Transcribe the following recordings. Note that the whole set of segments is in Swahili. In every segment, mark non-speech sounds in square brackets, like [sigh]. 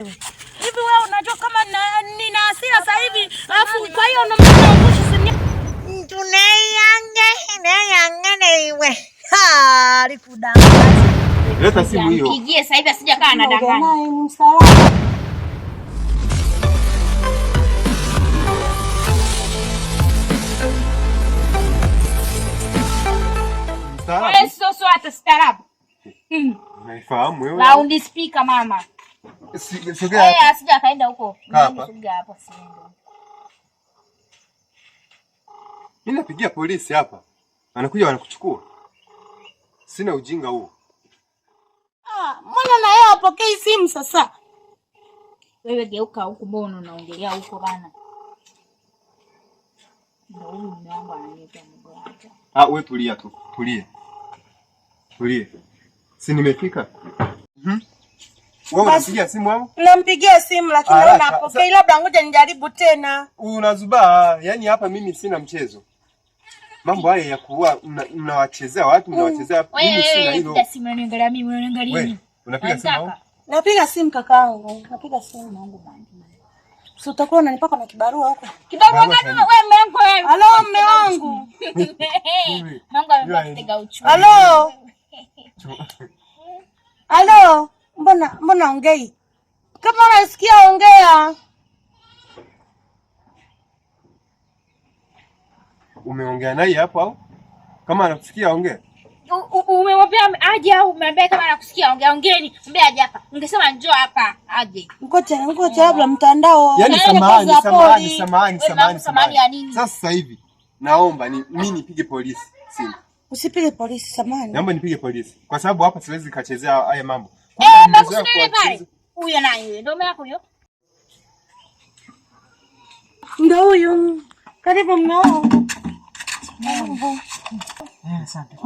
Hivi wewe unajua kama nina hasira sasa hivi, alafu kwa hiyo unamkumbusha simu tunayange inayange na iwe. Ha, alikudanganya. Leta simu hiyo. Pigie sasa hivi asija kaa anadanganya. Mstaarabu. Wewe sio hata staarabu. Hmm. Naifahamu wewe. Laundi speaker mama asija kaenda huko hapo. Mimi napigia polisi hapa, anakuja wanakuchukua. Sina ujinga huo. Ah, mbona na yeye apokei simu sasa? Wewe geuka huku, mbona unaongelea huko bana? Ah, wewe tulia tu, tulia tulia, si nimefika. mm -hmm. Wewe unapigia simu Nampigia simu lakini naona ah, apokei, labda ngoja nijaribu tena. Unazubaa yani, hapa mimi sina mchezo. Mambo haya ya kuua, mnawachezea watu, mm. mnawachezea. Mimi sina hilo. Wewe Unapiga simu? mimi, Unapiga simu? Napiga simu kakaangu, napiga simu mangu bandi. Sio utakuwa unanipaka na kibarua huko. Kibarua gani wewe mume wangu wewe? Halo mume wangu. [laughs] Mungu amemtega uchumi. Halo. Halo. Mbona mbona ongei? Kama unasikia ongea. Umeongea naye hapo au? Kama anakusikia ongea. Umemwambia aje au umemwambia kama anakusikia ongea, ongeeni, mwambie aje hapa. Ungesema njoo hapa aje. Ngoja, ngoja labda mtandao. Yaani samahani, samahani, samahani, samahani, samahani. ya nini Sasa hivi naomba ni mimi nipige polisi. Simu. Usipige polisi samahani. Naomba nipige polisi kwa sababu hapa siwezi kachezea haya mambo. Eh, huyo naye ndio mama huyo, ndio huyo. Karibu mmeo. Eh, asante.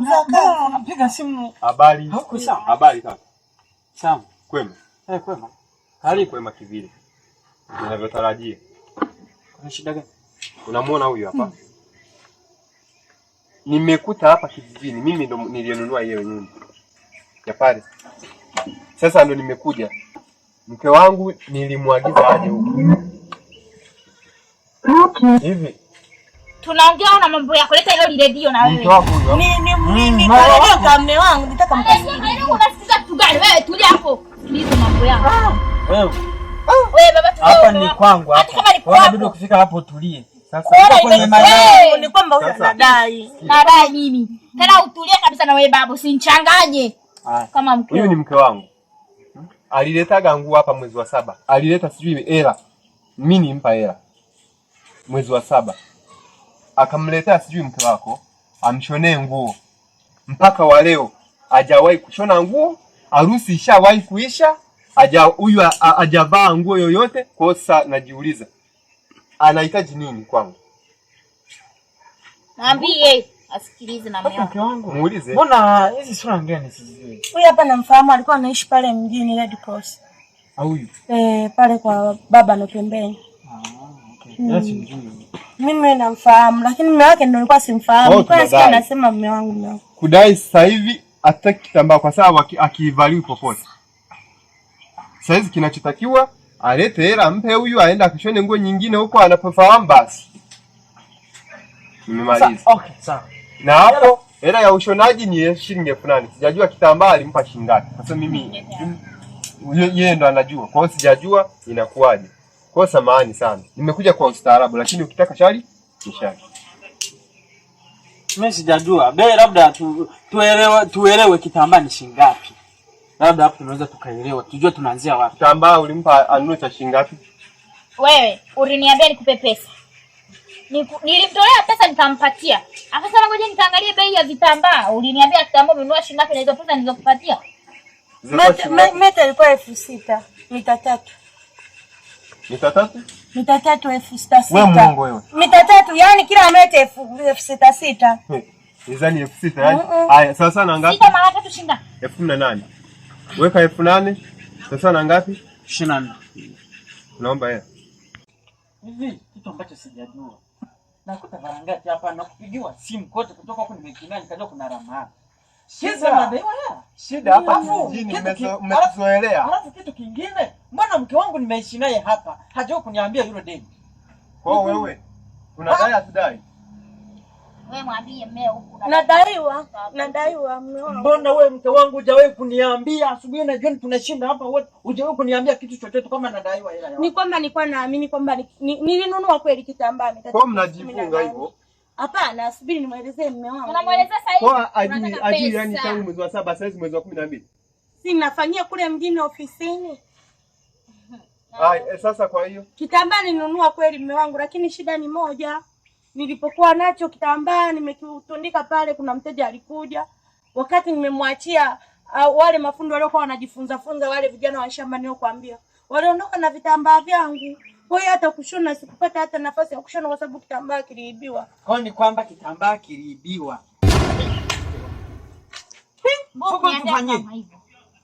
Napiga simu. Habari. Huko sawa. Habari kaka. Sawa. Kwema. Eh, kwema. Hali kwema kivile. Ninavyotarajia. Kuna shida gani? Unamuona huyu hapa? Nimekuta hapa kijijini. Mimi ndo nilionunua hiyo nyumba. Ya pale. Sasa ndo nimekuja. Mke wangu nilimwagiza aje huku. Okay. Hivi tunaongea na mambo yako, leta ile redio na wewe. Mke Ni ni mimi kwa redio kwa mume wangu nitaka mkasikilize. Unasikiza tu gani? Wewe tulia hapo. Hizo mambo yako. Ah. Wewe. Wewe baba tu. Hapa ni kwangu hapa. Kwa kama ni kufika hapo tulie. Sasa kwenye madai ni kwamba huyu anadai. Nadai mimi. Tena utulie kabisa na wewe babu, sinchanganye. Kama mke. Huyu ni mke wangu aliletaga nguo hapa mwezi wa saba, alileta sijui hela, mimi nimpa hela mwezi wa saba, akamletea sijui mke wako amshonee nguo, mpaka wa leo hajawahi kushona nguo, harusi ishawahi kuisha, aja huyu hajavaa nguo yoyote. Kwa sasa najiuliza anahitaji nini kwangu, mwambie Asikilize na mimi. Mke wangu muulize. Mbona hizi sura ngeni sizijui? Huyu hapa namfahamu alikuwa anaishi pale mjini Red Cross. Au huyu? Eh, pale kwa baba na pembeni. Ah, okay. Mm. Mimi namfahamu lakini mume wake ndio nilikuwa simfahamu. Oh, kwa sababu anasema mume wangu ndio. Kudai sasa hivi ataki kitambaa kwa sababu akivaliwi popote. Sasa hizi kinachotakiwa alete hela mpe huyu aende akishone nguo nyingine huko anapofahamu basi. Nimemaliza. Okay, sawa na hapo hela ya ushonaji ni shilingi elfu nane. Sijajua kitambaa alimpa shilingi ngapi. Sasa mimi yeye ndo anajua, kwa hiyo sijajua inakuwaje. Kwa hiyo samahani sana, nimekuja kwa ustaarabu, lakini ukitaka shari ni shari. Mimi sijajua bei, labda tu, tuelewe, tuelewe kitambaa ni shilingi ngapi, labda hapo tunaweza tukaelewa, tujue tunaanzia wapi. Kitambaa ulimpa anunue cha shilingi ngapi? Wewe uliniambia nikupe pesa nilimtolea pesa nikampatia. Akasema ngoja nikaangalie bei ya vitambaa. Uliniambia kitambaa umenunua shilingi ngapi na hizo pesa nilizokupatia? Meta ilikuwa elfu sita mita tatu mita tatu mita tatu elfu sita sita mita tatu yani kila meta elfu sita sita mizani elfu sita yani. Haya, sasa na ngapi? Sita mara tatu shinda elfu kumi na nane weka elfu nane sasa na ngapi? ishirini na nne Naomba hela hivi kitu ambacho sijajua nakuta mara ngapi hapa nakupigiwa simu kote kutoka huko nimekimbia nikaja kuna Ramani. Shida shida hapa mjini umezoelea. Alafu kitu kingine, mbona mke wangu nimeishi naye hapa hajao kuniambia yule deni. kwao? wewe unadai asidai? Nadaiwa, nadaiwa. Mbona we mke wangu hujawahi kuniambia? Asubuhi na jioni tunashinda hapa wote, hujawahi kuniambia kitu chochote kama nadaiwa hela yao. Ni kwamba nilikuwa naamini kwamba nilinunua kweli kitambaa. Kwa mnajifunga hivyo? Hapana, subiri nimwelezee mume wangu. Unamwelezea sasa kwa ajili ajili, yani tangu mwezi wa saba sasa hivi mwezi wa 12. Si nafanyia kule mjini ofisini. Ai, sasa kwa hiyo kitambaa nilinunua kweli mume wangu, lakini shida ni moja nilipokuwa nacho kitambaa nimekitundika pale, kuna mteja alikuja, wakati nimemwachia uh, wale mafundi waliokuwa wanajifunza funza wale vijana wa shamba niliokuambia, waliondoka na vitambaa vyangu. Kwa hiyo hata kushona sikupata hata nafasi ya kushona kwa sababu kitambaa kiliibiwa. Kwa ni kwamba kitambaa kiliibiwa.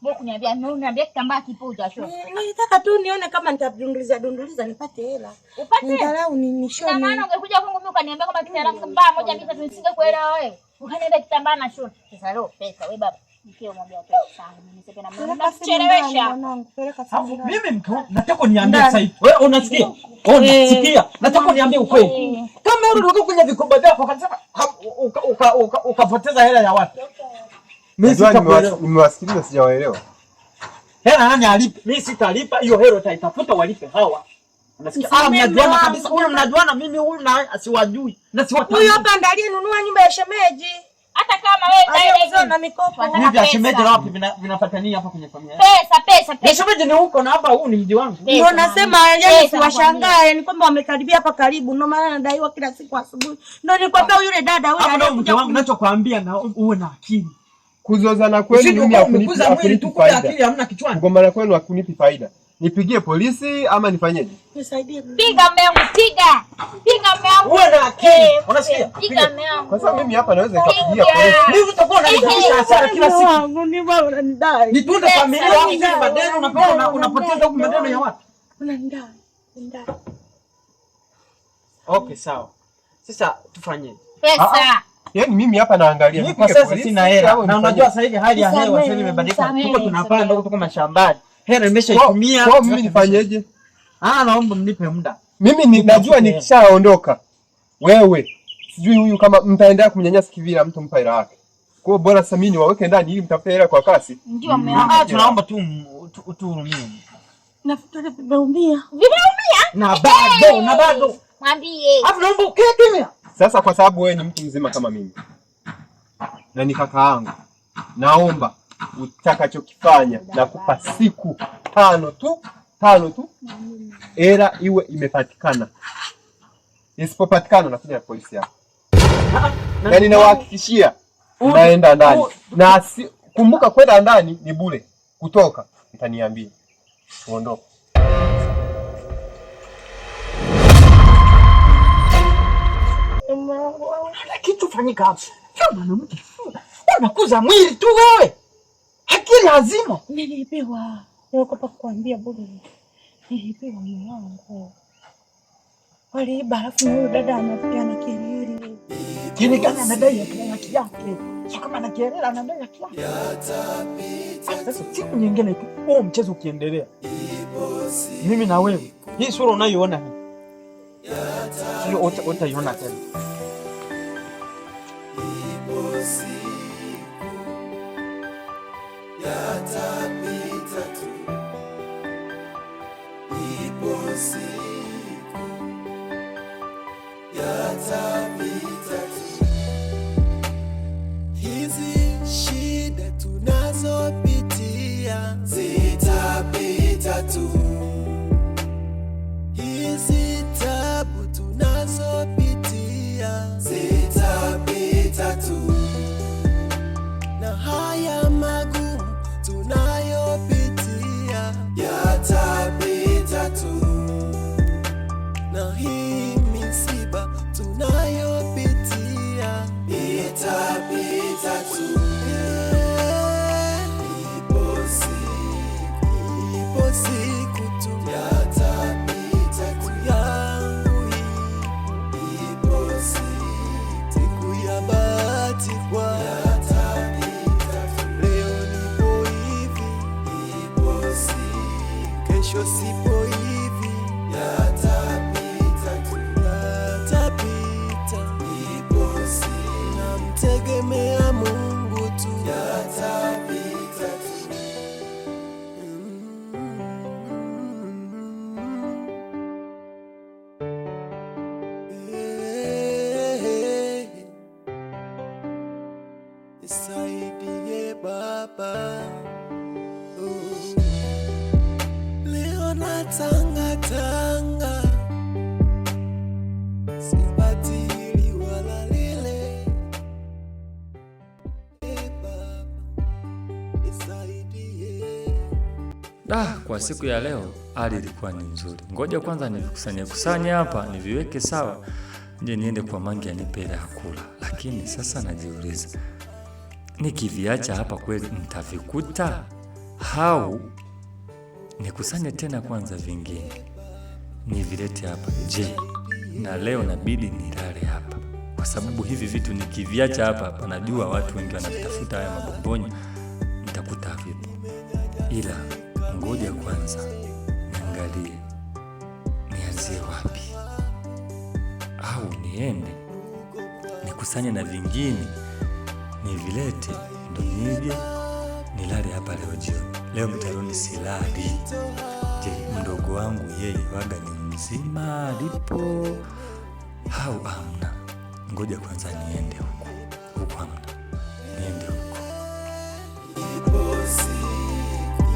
Mbona kuniambia no, niambia kitambaa kipoja sio? Nilitaka tu nione kama nitadunduliza dunduliza nipate hela. Upate? Angalau ni nishoni. Kama maana ungekuja kwangu mimi ukaniambia kama kitambaa kitambaa moja mbili tatu nisinge kuelewa wewe. Ukaniambia kitambaa na shoti. Sasa leo pesa wewe baba. Mkeo mwambia tu nataka niambie sasa hivi. Wewe unasikia? Unasikia? Eh. Nataka niambie ukweli. Eh. Kama wewe unataka kwenye vikoba vyako ukapoteza hela ya watu nimewasikiliza sijawaelewa. Hela nani alipe? Mimi sitalipa hiyo hela, utaitafuta walipe hawa. Ah, mnajuana kabisa, huyu mnajuana, mimi huyu na siwajui na siwatambui. Huyu hapa nyumba ya shemeji. Hata kama wewe na mikopo shemeji na wapi hapa kwenye familia? Pesa, pesa, pesa. Shemeji ni huko na hapa huu ni mji wangu. Ndio nasema siwashangaa, kwamba wamekaribia hapa karibu ndio maana kila siku asubuhi. Ndio nilikwambia ah. yule dada na uwe na akili. Kuzozana kwenu kugomana kwenu hakunipi faida. Nipigie polisi ama nifanyeje? Nisaidie. Piga mwanangu, piga. Piga Wewe na akili. Eh, Unasikia? Piga mwanangu. Kwa sababu mimi hapa naweza nikapigia polisi. Mimi utakuwa unanifikisha hasara kila siku. ni baba unanidai. Nitunde familia yako bila madeni unapoona unapoteza huko madeni ya watu. Unanidai. Unanidai. Okay, sawa. Sasa tufanyeje? Pesa. Ah, ah. Yaani mimi hapa naangalia. kwa sasa sina hela. Na unajua sasa hivi hali ya hewa sasa hivi imebadilika. Tuko tunapanda huko mashambani. Hela imeshaitumia. Kwa mimi nifanyeje? Ah, naomba mnipe muda. Mimi ninajua nikishaondoka. Wewe sijui huyu kama mtaendelea kumnyanyasa kivile mtu mpa hela yake. Kwa hiyo bora sasa mimi niwaweke ndani ili mtapata hela kwa kasi. Ndio mmeona. Ah, tunaomba tu tuhurumie. Na vimeumia. Vimeumia? Na bado, na bado. Mwambie. Hapo naomba ukae kimya. Sasa kwa sababu wewe ni mtu mzima kama mimi na ni kaka yangu, naomba utakachokifanya, nakupa siku tano tu, tano tu, era iwe imepatikana. Isipopatikana nakuja na polisi hapo, yaani nawahakikishia naenda ndani na si, kumbuka, kwenda ndani ni bure, kutoka mtaniambia uondoke. kitu fanyika, unakuza mwili tu wewe, haki lazima. Niliibiwa, naogopa kukuambia bure, niliibiwa moyo wangu waliiba, alafu huyo dada anapiga na kelele. Yaani gani anadai ya haki yake, sio kama na kelele, anadai haki yake. Sasa siku nyingine tu huo mchezo ukiendelea, mimi na wewe, hii sura unayoona hii sio utaiona tena. it was. Da, kwa siku ya leo hali ilikuwa ni nzuri. Ngoja kwanza nivikusanye kusanye hapa niviweke sawa, nje niende kwa mangi anipe ile ya kula. Lakini sasa najiuliza, nikiviacha hapa kweli nitavikuta au nikusanye tena kwanza vingine nivilete hapa? Je, na leo nabidi nilale hapa, kwa sababu hivi vitu nikiviacha hapa hapa, najua watu wengi wanavitafuta haya mabomboni, nitakuta vipo, ila ngoja kwanza niangalie nianzie wapi, au niende nikusanye na vingine nivilete, ndo nije nilale hapa leo jioni. Leo mtaroni silali. Je, mdogo wangu yeye waga ni mzima alipo au amna. Ngoja kwanza niende huko huko, amna, niende huko. Ipo siku,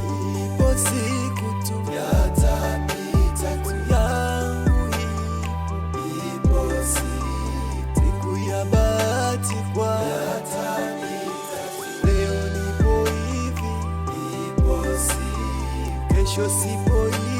ipo siku tu yatapita tu yangu, ipo siku ya bahati kwa leo nipo hivi, ipo siku, kesho sipo hivi.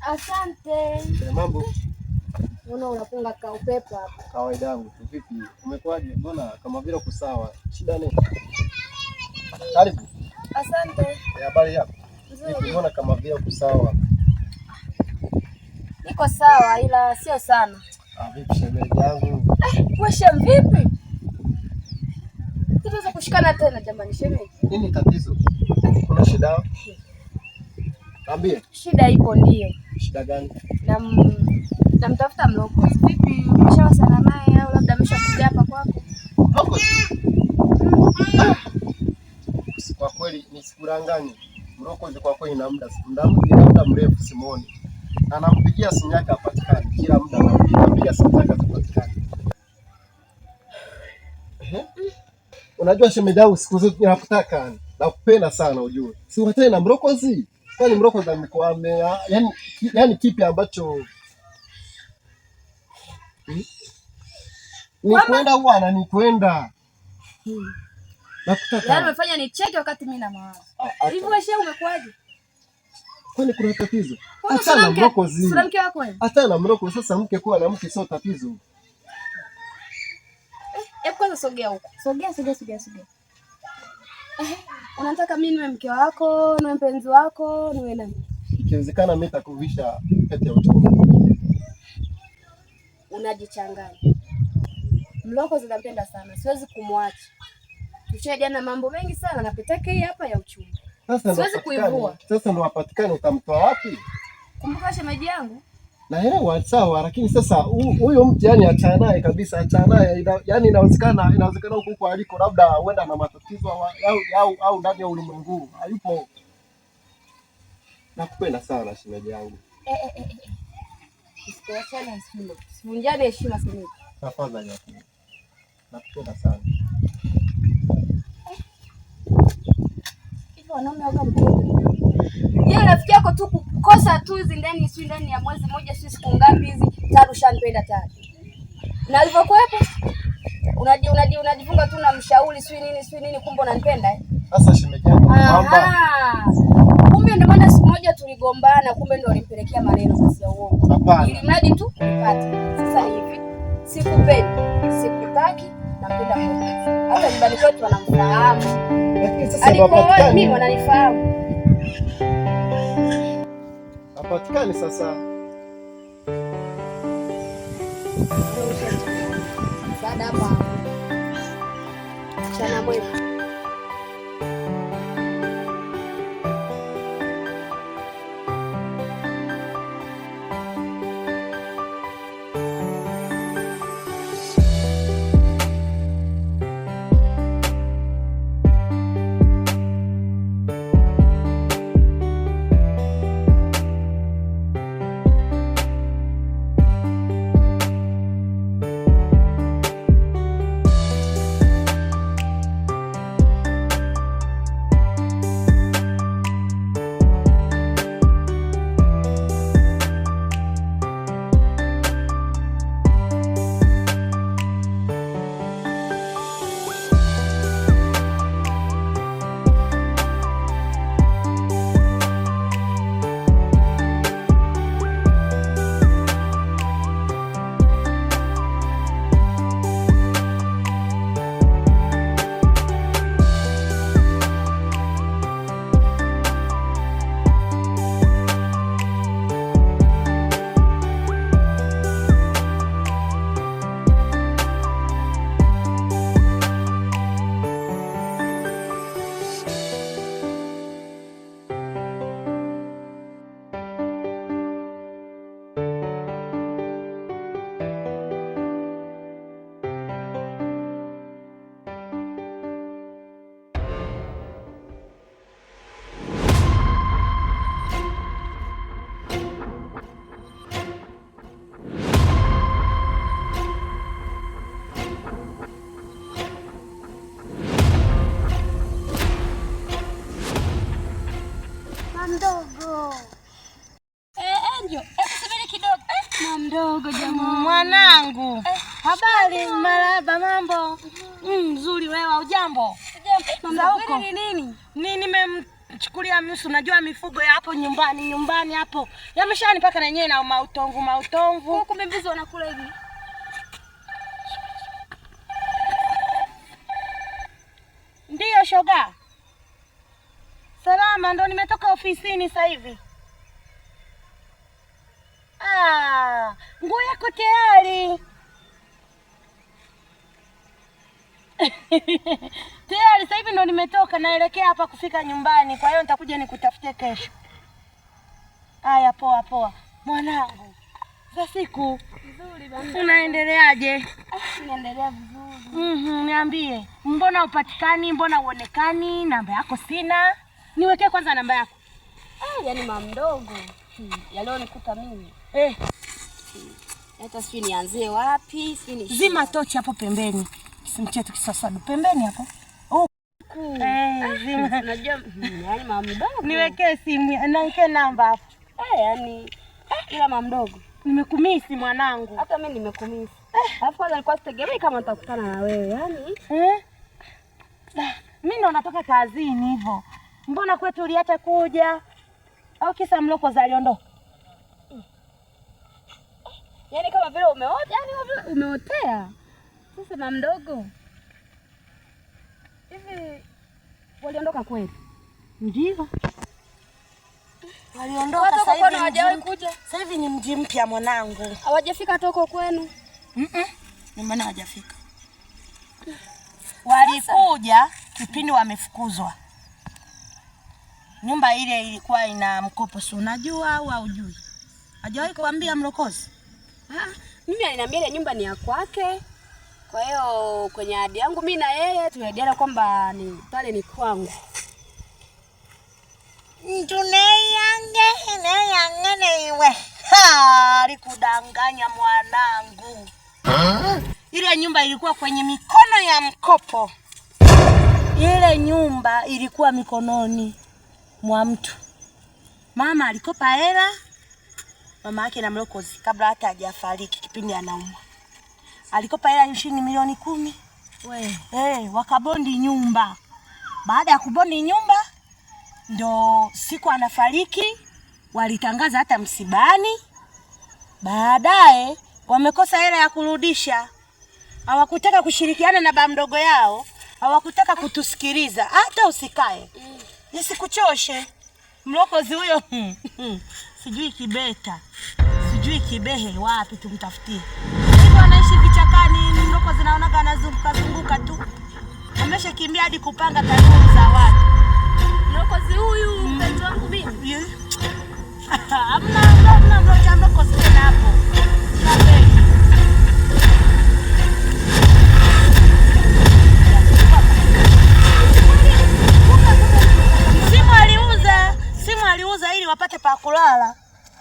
Asante. Kuna mambo? Unaona unapunga ka upepo hapa. Kawaida yangu tu. Vipi? Umekwaje? Mbona kama vile uko sawa? Shida nini? Karibu. Asante. Eh, habari yako? Nzuri. Mbona kama vile uko sawa? Niko sawa ila sio sana. Ah, vipi shemeji yangu? Eh, shem vipi? Tutaweza kushikana tena jamani shemeji. Nini tatizo? Kuna shida? Eh, Niambie. Shida ipo ndio. Shida gani? Na namtafuta mloko. Vipi? Mshawasana naye au labda ameshakuja hapa kwako? Mloko. Mm. Ah! Kwa kweli ni Mloko ni kwa kweli na muda ni muda mrefu simuoni. Anampigia simu yake hapatikani, kila muda anampigia simu yake hapatikani. Unajua shemeji yangu siku zote nakutaka, nakupenda sana ujue. Si uachane na Mlokozi kwani mrokoza ame yani, yani kipi ambacho hmm? ni kwenda huwa bwana, ni kwenda hmm. Yaani umefanya ni cheke wakati mimi na mawazo ah, ah, hivi, wewe shehe, umekuaje? Kwani kuna tatizo? Achana mroko zii, na mroko sasa. Mke kuwa na mke sio tatizo. Eh, Kwanza sogea huko, sogea sogea sogea sogea eh, Unataka mimi niwe mke wako, niwe mpenzi wako, niwe nani? Ikiwezekana mimi takuvisha pete ya uchumba. Unajichanganya. Mloko zinampenda sana, siwezi kumwacha. jana mambo mengi sana na hii hapa ya uchumi Sasa siwezi kuivua. Sasa ndo wapatikane, utamtoa wapi? Kumbuka shemeji yangu naelewa sawa, lakini sasa huyo mtu yani achana naye kabisa, achana naye. Yani inawezekana inawezekana huko huko aliko labda huenda na matatizo au au ndani ya ulimwengu hayupo. Nakupenda sana shemeji yangu. Eh, eh, eh, nakupenda sana. wanaume yeye rafiki yako tu kukosa tu hizi ndani si ndani ya mwezi mmoja si siku ngapi hizi tatu shampenda tatu. Na alivyokuepo unaji unaji unajifunga tu na mshauri si nini si nini kumbe unanipenda eh. Sasa shemeji yangu Kumbe ndio maana siku moja tuligombana kumbe ndio alimpelekea maneno sasa ya uongo. Hapana. Ili mradi tu nipate. Sasa hivi sikupendi, sikutaki napenda mimi. Hata nyumbani kwetu wanamfahamu. Mimi wananifahamu hapatikani sasa. Baada hapa mwema. nyumbani nyumbani hapo yameshani mpaka na yenyewe na mautongu mautongu. Kumbe mbuzi wanakula hivi. Ndiyo shoga, salama. Ndo nimetoka ofisini sasa hivi. Ah, nguo yako tayari [laughs] tayari. Sasa hivi ndo nimetoka, naelekea hapa kufika nyumbani, kwa hiyo nitakuja nikutafutie kesho. Haya, poa poa. Mwanangu, za siku unaendeleaje? Ah, naendelea vizuri. Mm-hmm, niambie, mbona upatikani? Mbona uonekani? Namba yako sina. Niwekee kwanza namba yako. Ah, yani mama mdogo hmm, yalionikuta mimi eh. Hmm. Hata sijui nianzie wapi, sijui zima tochi hapo pembeni, simchetu kisasadu pembeni hapo Hey, oh. eh, ah, najua, hmm, mama mdogo niwekee simu, niwekee namba hapo eh, yani eh, ila mama mdogo, nimekumisi mwanangu, hata mimi nimekumisi. Alafu kwanza nilikuwa sitegemei kama nitakutana na wewe yani eh. Ah, mimi ndo natoka kazini hivyo, mbona kwetu uliacha kuja? Au kisa za aliondoka? Yaani kama vile umeota, yani umeotea. Sasa mama mdogo, hivi waliondoka kweli? Ndio. Waliondoka sasa hivi ni mji mpya mwanangu. Hawajafika toko kwenu? Mhm. -mm. Ni maana hawajafika. Walikuja kipindi wamefukuzwa. Nyumba ile ilikuwa ina mkopo, si unajua au haujui? Hajawahi kuambia mlokozi? Ah, mimi aliniambia ile nyumba ni ya kwake. Kwa hiyo kwenye ahadi yangu mimi na yeye tuliahidiana kwamba ni pale ni kwangu mtu Mtuneyange neyang'ene iwe kudanganya mwanangu ha? Ile nyumba ilikuwa kwenye mikono ya mkopo. Ile nyumba ilikuwa mikononi mwa mtu. Mama alikopa hela, mama yake na mlokozi, kabla hata hajafariki, kipindi anaumwa, alikopa hela ishirini milioni kumi we. Hey, eh, wakabondi nyumba. Baada ya kubondi nyumba ndo siku anafariki walitangaza hata msibani. Baadaye wamekosa hela ya kurudisha, hawakutaka kushirikiana na baba mdogo yao, hawakutaka kutusikiliza. Hata usikae nisikuchoshe, mm. mlokozi huyo hmm, hmm, sijui Kibeta sijui Kibehe, wapi tumtafutie hivyo. Anaishi vichakani, ni mlokozi, naonaga anazunguka zunguka tu, ameshakimbia hadi kupanga kanuni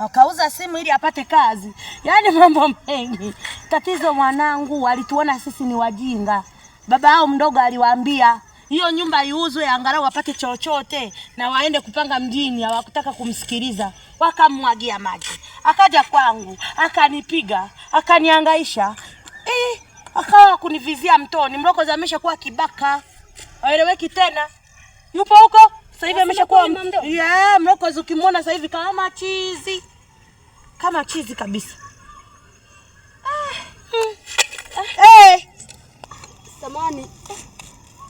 akauza simu ili apate kazi, yaani mambo mengi. Tatizo mwanangu, walituona sisi ni wajinga. Baba yao mdogo aliwaambia hiyo nyumba iuzwe angalau wapate chochote na waende kupanga mjini. Hawakutaka kumsikiliza, wakamwagia maji. Akaja kwangu akanipiga, akaniangaisha, eh, akawa kunivizia mtoni. Mlokozi ameshakuwa kibaka, aeleweki tena, yupo huko sasa hivi ameshakuwa yeah. Mlokozi ukimwona sasa hivi kama chizi kama chizi kabisa. Ah. Eh. Eh. Samani.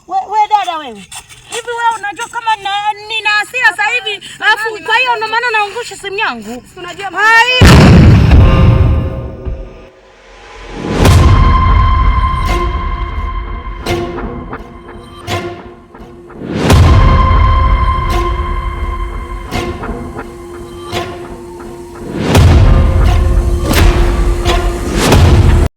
We, dada wewe hivi wewe unajua kama nina hasira sasa hivi, alafu kwa hiyo ndio maana naungusha simu yangu. Unajua